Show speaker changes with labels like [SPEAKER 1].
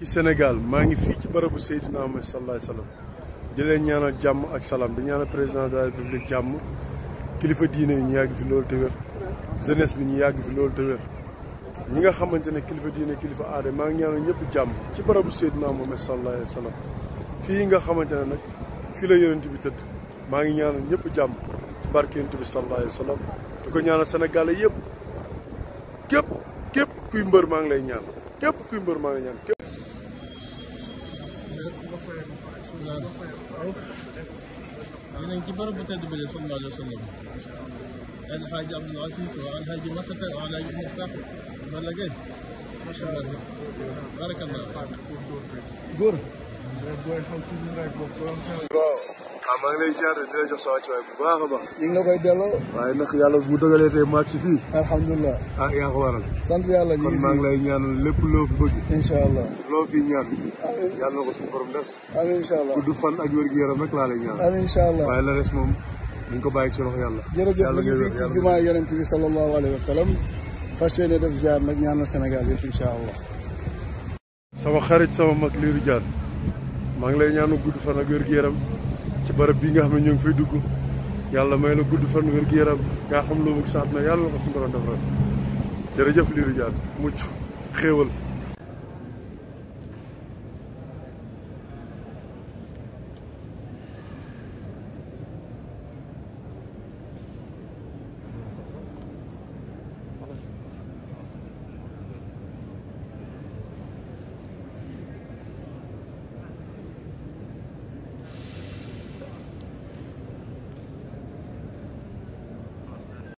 [SPEAKER 1] ci Sénégal maa ngi fii ci barabu Seydina Muhammad sallallahu alayhi wa di leen ñaanal jàmm ak salaam di ñaanal président de la république jàmm kilifa diine yi ñu yàgg fi loolu te wér bi ñu yàgg fi loolu te ñi nga xamante ne kilifa diine kilifa aada maa ngi ñëpp jàmm ci barabu Seydina Muhammad sallallahu alayhi wa sallam fii nga xamante ne nag fii la yonent bi tëdd maa ngi ñaanal ñëpp jàmm ci bi sallallahu alayhi wa sallam di ko ñaanal Sénégal yëpp képp képp kuy mbër maa ngi lay ñaan képp kuy mbër maa ngi lay yeneen ci bërëb bu tedd bi de sallallahu alayhi wa sallam alxaaji Abdul Aziz wa alxaaji Masata wa alxaaji Umar Sakho Balla Gaye barakallah
[SPEAKER 2] góor waaw ah, maa ngi lay ziar di jox sa wàccuwaay bu baax a baax. ñu ngi la waaye ndax yàlla bu dogalee te maag si fii. alhamdulilah. ah yaa waral. sant yàlla ñu maa ngi lay ñaan lépp loo fi bëgg. incha allah loo fi ñaan. Ah, eh. yàlla na ko suñu def. gudd fan ak wér-gu-yaram rek laa lay ñaan. amiin incha allah waaye moom ñu ko bàyyi ci loxo yàlla. yàlla ngay wér jërëjëf jumaa yonent bi sallallahu alayhi wa sallam fas yéene def ziar nag ñaan Sénégal yëpp incha allah.
[SPEAKER 1] sama xarit sama mag Lirou maa ngi lay ñaanu gudd fan ci barab bii nga xam ne ñu ngi fay dugg yàlla may la gudd fan wér gi yaram nga xam loo bëgg saat na yàlla la ko suñu borom defal jërëjëf liiru jaan mucc xéewal